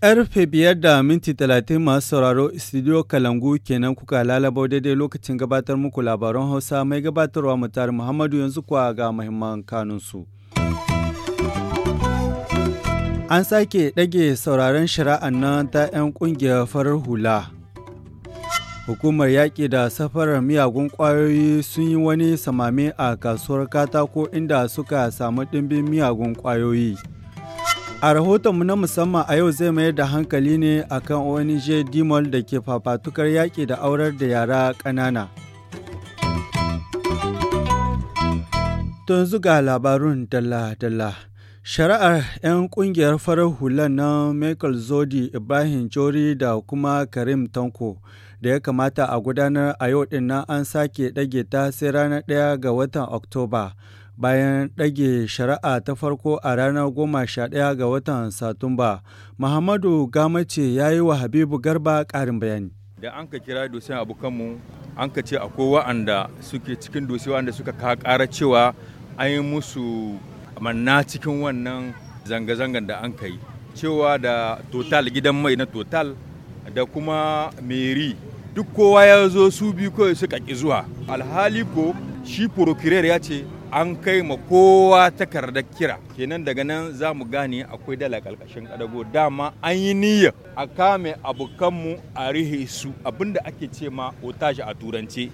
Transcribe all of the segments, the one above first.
Karfe biyar da minti talatin masu sauraro studio Kalangu kenan kuka lalabo daidai lokacin gabatar muku labaran Hausa mai gabatarwa mutar Muhammadu yanzu kuwa ga muhimman kanunsu. An sake ɗage sauraron shari'an nan ta 'yan ƙungiyar farar hula. Hukumar yaƙi da safarar miyagun ƙwayoyi sun yi wani samame a kasuwar katako inda suka samu ɗimbin miyagun ƙwayoyi. A rahotonmu na musamman a yau zai mayar da hankali ne akan ONG Dimol da ke fafatukar yaƙi da aurar da yara ƙanana. Don zuga labarun dalla-dalla. Shari'ar 'yan ƙungiyar farar hula na Michael Zodi Ibrahim Jori da kuma Karim Tanko da ya kamata a gudanar a yau din nan an sake ɗage ta sai ranar ɗaya ga watan Oktoba. bayan ɗage shari'a ta farko a ranar goma sha ɗaya ga watan satumba muhammadu gamace ya yi wa habibu garba ƙarin bayani da an ka kira dosiyan abokanmu an ka ce akwai wa'anda suke cikin dosi wa'anda suka ƙara cewa an yi musu manna cikin wannan zanga zangan da an ka yi cewa da total gidan mai na total da kuma meri duk kowa ya zo su biyu kawai suka ƙi zuwa alhali ko shi procureur ya ce an kai ma kowa takardar kira kenan daga nan za mu gane akwai dala ƙarƙashin ƙadago dama an yi niyyar a kame abokanmu a rihe su abinda ake ce ma otage a turance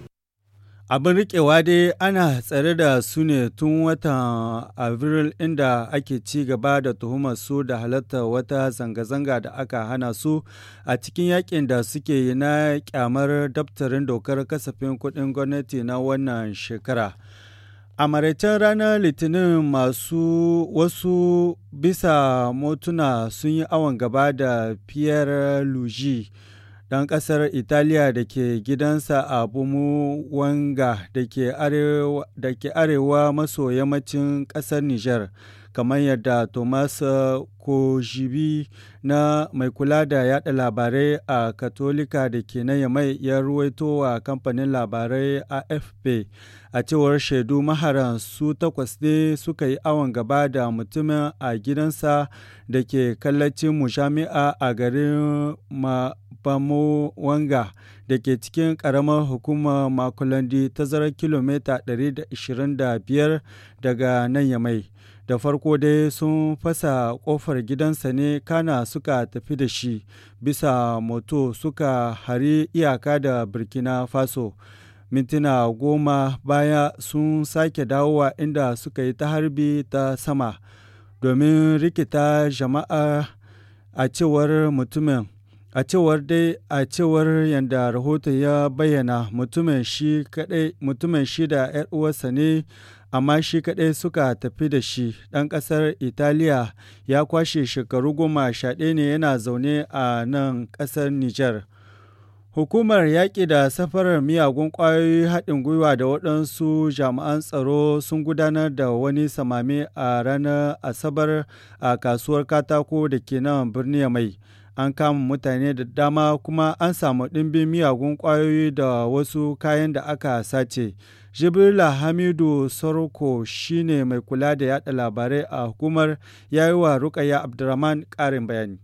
Abin riƙewa dai ana tsare da su ne tun watan Abril inda ake ci gaba da tuhumar su da halatta wata zanga-zanga da aka hana su a cikin yakin da suke yi na kyamar daftarin dokar kasafin kuɗin gwamnati na wannan shekara. A maraicen ranar Litinin masu wasu bisa motuna sun yi awon gaba da Pierre lugie ɗan ƙasar Italiya da ke gidansa a Bumuwanga da ke arewa maso yammacin ƙasar Nijar, kamar yadda Thomas Kojibi na mai kula da yada labarai a Katolika da ke na Yamai ya ruwaito wa kamfanin labarai AFP. A cewar shaidu maharan su takwas ne suka yi awon gaba da mutumin a gidansa da ke kallacin mujami'a a garin ma Wanga da ke cikin ƙaramar hukumar Makulandi tazarar kilomita 125 daga nan Yamai. Da farko dai sun fasa ƙofar gidansa ne kana suka tafi da shi bisa moto suka hari iyaka da Burkina Faso. Mintuna goma baya sun sake dawowa inda suka yi ta harbi ta sama domin rikita jama'a a cewar mutumin A cewar dai a cewar yadda rahoto ya bayyana mutumin shi da 'yar uwarsa ne amma shi kaɗai suka tafi da shi ɗan ƙasar italiya ya kwashe shekaru goma sha ne yana zaune a nan ƙasar niger hukumar yaƙi da safarar miyagun ƙwayoyi haɗin gwiwa da waɗansu jami'an tsaro sun gudanar da wani samami a ranar asabar a kasuwar katako da ke nan birni mai an kama mutane da dama kuma an samu ɗimbin miyagun ƙwayoyi da wasu kayan da aka sace. jibrila hamidu soroko shine mai kula da yada labarai a hukumar yayi wa rukaya abdurrahman ƙarin bayani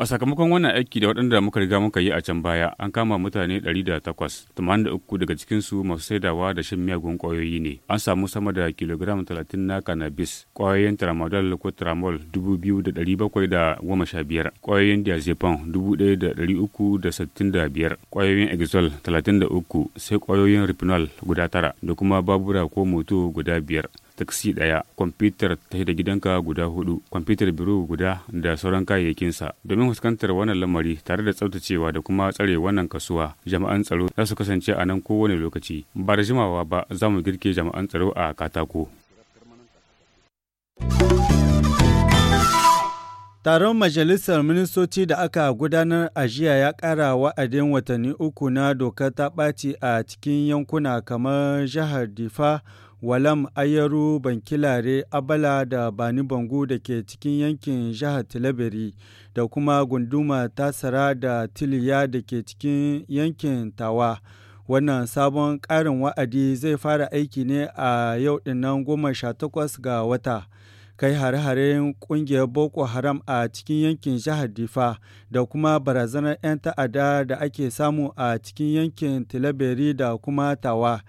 A sakamakon wannan aiki da waɗanda muka riga muka yi a can baya an kama mutane 108, uku daga cikinsu masu saidawa da shan miyagun ƙwayoyi ne. An samu sama da kilogram 30 na cannabis, ƙwayoyin tramadol ko tramol 2,715, ƙwayoyin diazepam 1,365, ƙwayoyin exol 33, sai ƙwayoyin rifinol guda tara da kuma babura ko moto guda biyar. taksi ɗaya kwamfutar ta da gidanka guda hudu kwamfutar biro guda da sauran kayayyakinsa domin fuskantar wannan lamari tare da tsaftacewa da kuma tsare wannan kasuwa jama'an tsaro za su kasance a nan kowane lokaci ba da jimawa ba za mu girke jama'an tsaro a katako Taron Majalisar Ministoci da aka gudanar a jiya ya kara wa'adin watanni uku na doka ta ɓaci a cikin yankuna kamar jihar Difa, walam ayaru bankilare abala da bani bangu da ke cikin yankin jihar tilaberi da kuma gunduma tasara da tiliya da ke cikin yankin tawa wannan sabon ƙarin wa'adi zai fara aiki ne a yau dinnan goma sha takwas ga wata kai hare-haren ƙungiyar boko haram a cikin yankin jihar difa da kuma barazanar 'yan ta'ada da ake samu a cikin yankin tilaberi da kuma tawa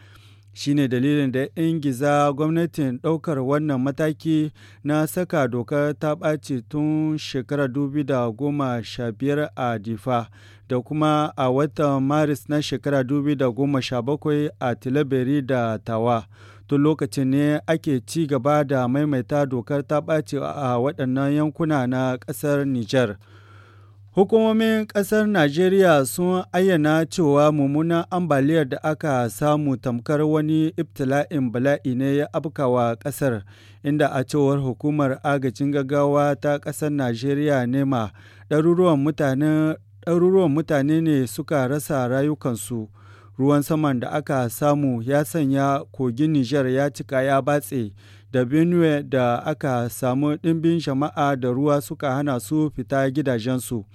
shine dalilin da giza gwamnatin ɗaukar wannan mataki na saka dokar ta ɓaci tun shekarar biyar a difa da kuma a watan maris na shekara bakwai a tilaberi da tawa tun lokacin ne ake ci gaba da maimaita dokar ta ɓaci a waɗannan yankuna na ƙasar niger Hukumomin ƙasar Najeriya sun ayyana cewa mummunan ambaliyar da aka samu tamkar wani ibtila'in bala'i ne ya afkawa ƙasar, inda a cewar Hukumar Agajin Gaggawa ta ƙasar Najeriya nema ɗaruruwan mutane ɗaruruwan mutane ne suka rasa rayukansu. Ruwan saman da aka samu ya sanya kogin Nijar ya cika ya batse. da benue da aka samu ɗimbin jama'a da ruwa suka hana su fita gidajensu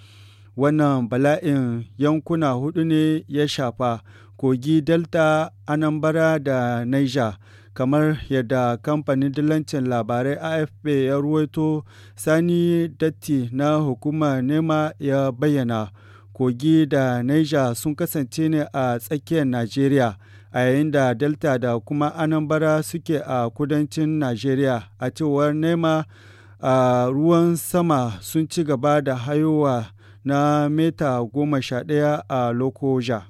wannan bala'in yankuna hudu ne ya shafa kogi delta anambra da niger kamar yadda kamfanin dillancin labarai afp ya ruwaito sani datti na hukumar nema ya bayyana kogi da niger sun kasance ne a tsakiyar najeriya a yayin da delta da kuma anambra suke a kudancin najeriya a cewar nema a ruwan sama sun ci gaba da haihuwa na meta goma sha ɗaya a lokoja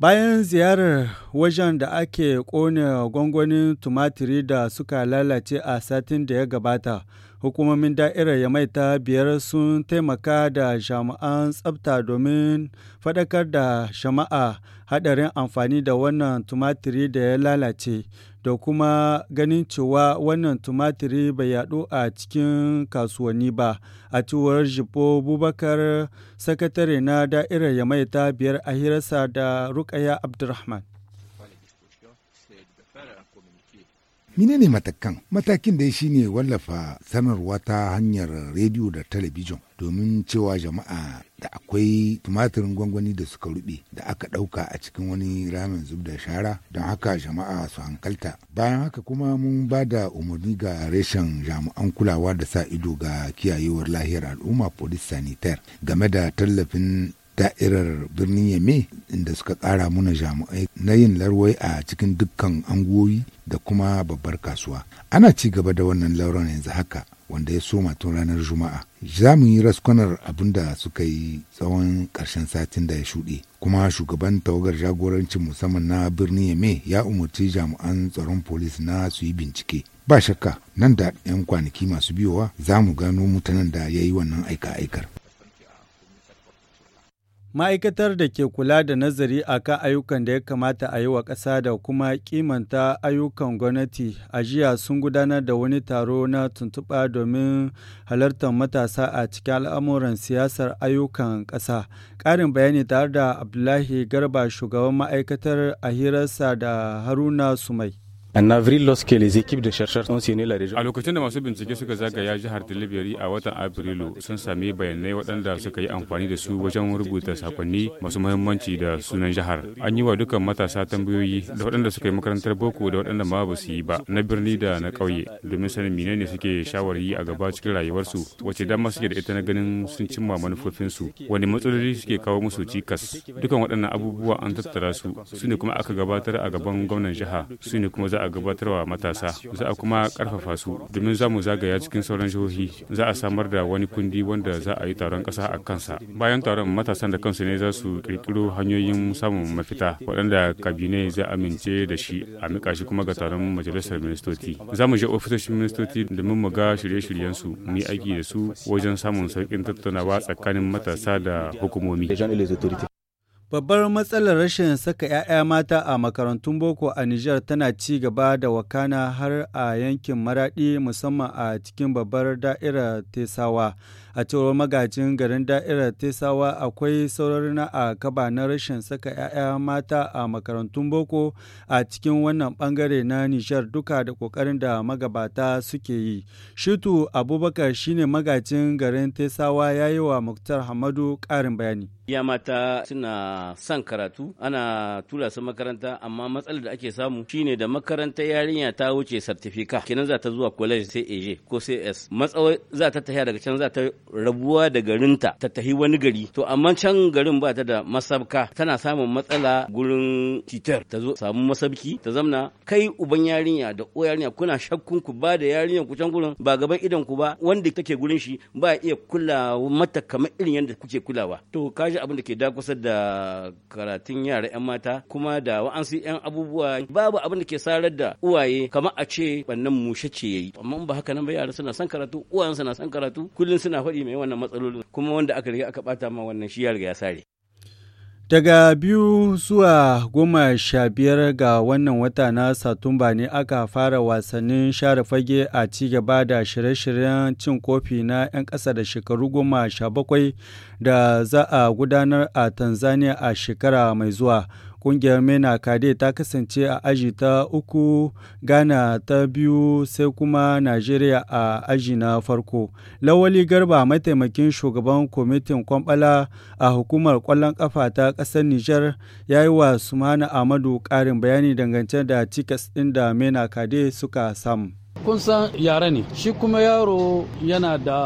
bayan ziyarar wajen da ake ƙone gwangwanin tumatiri da suka lalace a satin da ya gabata Hukumomin da'irar yamaita maita biyar sun taimaka da jami'an tsafta domin faɗakar da shama'a haɗarin amfani da wannan tumatiri da ya lalace da kuma ganin cewa wannan tumatiri bai yaɗu a cikin kasuwanni ba a cewar jibo bubakar sakatare na da'irar yamaita maita biyar a hirarsa da rukaya abdulrahman Mine ne matakan matakin da shi ne wallafa sanarwa ta hanyar rediyo da talabijin domin cewa jama'a da akwai tumatirin gwangwani da suka rube da aka ɗauka a cikin wani ramin zub da shara don haka jama'a su hankalta bayan haka kuma mun ba da umarni ga reshen jami'an kulawa da sa ido ga kiyayewar lahiyar al'umma police sanitaire game da tallafin da'irar birnin yame inda suka ƙara muna jami'ai na yin larwai a cikin dukkan angoyi da kuma babbar kasuwa ana ci gaba da wannan lauran yanzu haka wanda ya soma tun ranar juma'a za mu yi raskunar abin da suka yi tsawon ƙarshen satin da ya shuɗe kuma shugaban tawagar jagorancin musamman na birnin yame ya umarci jami'an tsaron polis na su yi bincike ba shakka nan da 'yan kwanaki masu biyowa za mu gano mutanen da ya yi wannan aika-aikar Ma'aikatar da ke kula da nazari a kan ayyukan da ya kamata a yi wa ƙasa da kuma kimanta ayyukan gwamnati a jiya sun gudanar da wani taro na tuntuɓa domin halartar matasa a cikin al'amuran siyasar ayyukan ƙasa. Ƙarin bayani tare da Abdullahi Garba shugaban ma'aikatar a hirarsa da Haruna Sumai. A lokacin da masu bincike suka zagaya jihar Delivery a watan Afrilu sun sami bayanai waɗanda suka yi amfani da su wajen rubuta sakonni masu mahimmanci da sunan jihar. An yi wa dukkan matasa tambayoyi da waɗanda suka yi makarantar boko da waɗanda ma ba su yi ba na birni da na ƙauye domin sanin ne suke yi a gaba cikin rayuwarsu wace dama suke da ita na ganin sun cimma manufofinsu wani matsaloli suke kawo musu cikas. Dukan waɗannan abubuwa an tattara su su ne kuma aka gabatar a gaban gwamnan jiha su ne kuma za a gabatarwa matasa za a kuma karfafa su domin za mu zagaya cikin sauran jihohi za a samar da wani kundi wanda za a yi taron kasa a kansa bayan taron matasan da kansu ne za su kirkiro hanyoyin samun mafita waɗanda kabine a amince da shi a mika shi kuma ga taron majalisar ministoci za mu je ofisoshin ministoci domin mu ga shirye-shiryensu mu yi aiki da su wajen samun sauƙin tattaunawa tsakanin matasa da hukumomi Babbar matsalar rashin saka 'ya'ya mata a makarantun boko a Nijar tana ci gaba da wakana har a yankin Maraɗi musamman a cikin babbar da'irar Tesawa. A cewar magajin garin da'irar Tesawa akwai saurar a kaba na rashin saka 'ya'ya mata a makarantun boko a cikin wannan bangare na Nijar duka da ƙoƙarin da magabata suke yi. Shitu Abubakar shine magajin garin Tesawa ya yi wa Muktar Hamadu ƙarin bayani. ya mata suna san karatu ana tura su makaranta amma matsalar da ake samu shine da makaranta yarinya ta wuce sartifika kenan za ta zuwa college sai AJ ko sai s matsawa za ta tafiya daga can za ta rabuwa da garinta ta tafi wani gari to amma can garin ba ta da masabka tana samun matsala gurin titar ta zo samu masabki ta zamna kai uban yarinya da o yarinya kuna shakkun ku ba da yarinya ku can gurin ba gaban idan ku ba wanda take gurin shi ba iya kulawa mata kamar irin yadda kuke kulawa to ka ji abin da ke dakusar da karatun yara 'yan mata kuma da wa'ansu 'yan abubuwa babu abin da ke sarar da uwaye kamar a ce wannan mushe ce yayi amma ba haka nan ba yara suna son karatu uwayen suna son karatu kullum suna faɗi mai wannan matsalolin kuma wanda aka riga aka bata ma wannan shi ya riga ya sare Daga biyu zuwa goma sha biyar ga wannan wata na Satumba ne aka fara wasannin share fage a ci gaba da shirye-shiryen cin kofi na 'yan ƙasa da shekaru goma sha bakwai da za a gudanar a Tanzania a shekara mai zuwa. Ƙungiyar MENA Kade ta kasance a aji ta uku, Ghana ta biyu sai kuma Najeriya a aji na farko. Lawali Garba mataimakin shugaban kwamitin kwambala a hukumar ƙwallon ƙafa ta ƙasar Nijar ya yi wa Sumana Amadu ƙarin bayani dangance da tikas ɗin da MENA Kade suka samu. kun san yare ne shi kuma yaro yana da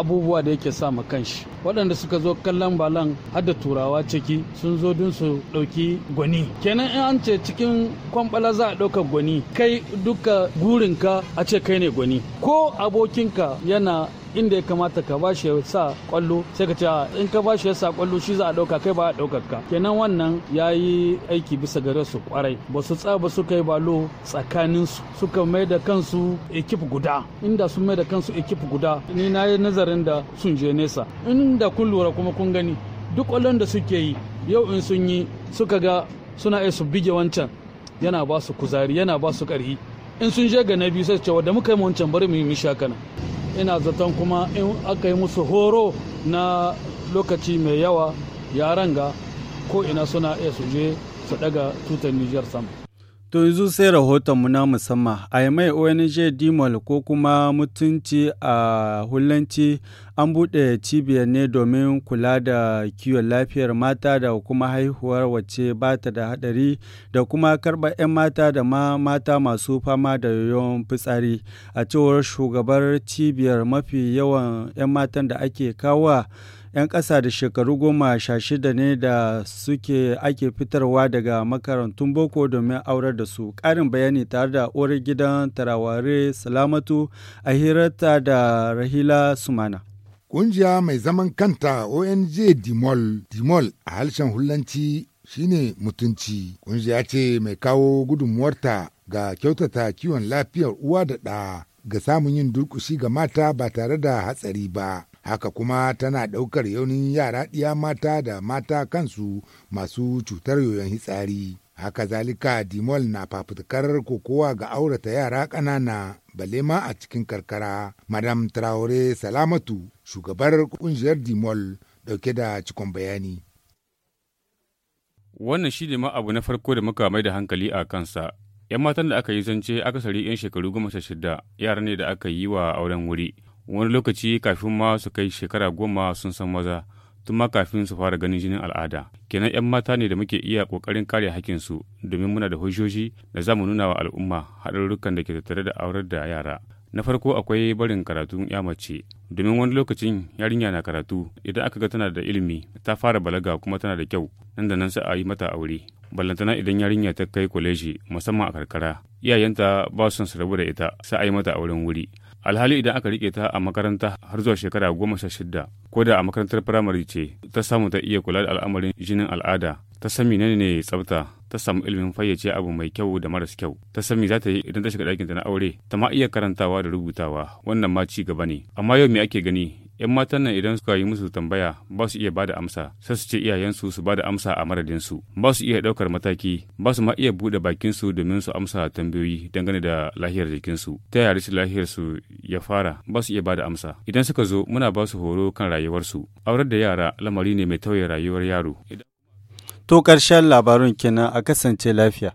abubuwa da yake sa ma kanshi waɗanda suka zo kallon balan har da turawa ciki sun zo don su ɗauki gwani kenan in an ce cikin kwamɓala za a ɗauka gwani kai duka gurinka a ce kai ne gwani ko abokinka yana inda ya kamata ka bashi ya sa kwallo sai ka ce ah, in ka bashi ya sa kwallo shi za a dauka kai ba a daukar ka kenan wannan ya yi aiki bisa gare su kwarai ba su tsaba su yi balo tsakanin su suka mai da kansu ekip guda inda sun mai da kansu ekip guda ni na yi nazarin da sun je nesa inda kun lura kuma kun gani duk kwallon da suke yi yau in sun yi suka ga suna iya su bige wancan yana ba su kuzari yana ba su ƙarhi in sun je ga na biyu sai cewa da muka yi wancan bari mu yi mishakana ina zaton kuma in aka yi musu horo na lokaci mai yawa yaran ga ko ina suna iya suje su daga tutar nijar sama To yanzu sai rahotonmu na musamman a mai ONG Dimol ko kuma mutunci a hulanci an buɗe cibiyar ne domin kula da kiwon lafiyar mata da kuma haihuwar wacce ba ta da haɗari da kuma karɓar 'yan mata da ma mata masu fama da yoyon fitsari. A cewar shugabar cibiyar mafi yawan 'yan matan da ake kawo 'yan ƙasa da shekaru goma sha shida ne da suke ake fitarwa daga makarantun boko domin aurar da su ƙarin bayani tare da uwar gidan taraware salamatu a hirarta da rahila sumana Ƙungiya mai zaman kanta ONG Dimol, Dimol a harshen Hullanci shine mutunci. Ƙungiya ce mai kawo gudunmuwarta ga kyautata kiwon lafiyar uwa da ɗa ga samun yin durƙushi ga mata ba tare da hatsari ba. haka kuma tana ɗaukar yaunin yara ɗiya mata da mata kansu masu cutar yoyon hitsari. Haka zalika Dimol na fafutukar kokowa ga aurata yara ƙanana balle ma a cikin karkara. Madam Traore Salamatu, shugabar ƙungiyar Dimol, ɗauke da cikon bayani. Wannan shi ne ma abu na farko da muka mai da hankali a kansa. 'Yan matan da aka yi zance akasari 'yan shekaru goma sha shida yara ne da aka yi wa auren wuri. wani lokaci kafin ma su kai shekara goma sun san maza tun ma kafin su fara ganin jinin al'ada kenan 'yan mata ne da muke iya ƙoƙarin kare su domin muna da hujjoji da za mu nuna wa al'umma haɗarurrukan da ke tattare da aurar da yara na farko akwai barin karatun ya mace domin wani lokacin yarinya na karatu idan aka ga tana da ilimi ta fara balaga kuma tana da kyau nan da nan sai a yi mata aure ballantana idan yarinya ta kai kwaleji musamman a karkara iyayenta ba su rabu da ita sai a yi mata auren wuri alhali idan aka rike ta a makaranta har zuwa shekara goma sha shida ko da a makarantar firamare ce ta samu ta iya kula da al'amarin jinin al'ada ta san menene ne tsafta ta samu ilimin fayyace abu mai kyau da maras kyau ta san me za ta yi idan ta shiga ɗakin ta na aure ta ma iya karantawa da rubutawa wannan ma ci gaba ne amma yau me ake gani 'yan matan nan idan suka yi musu tambaya ba su iya bada amsa sai su ce iyayensu su bada amsa a su ba su iya daukar mataki ba su ma iya buɗe bakinsu domin su amsa tambayoyi dangane da lahiyar jikinsu ta yare su lahiyar su ya fara ba su iya bada amsa idan suka zo muna ba su horo kan rayuwarsu aurar da yara lamari ne mai tauye rayuwar yaro to ƙarshen labarun kenan a kasance lafiya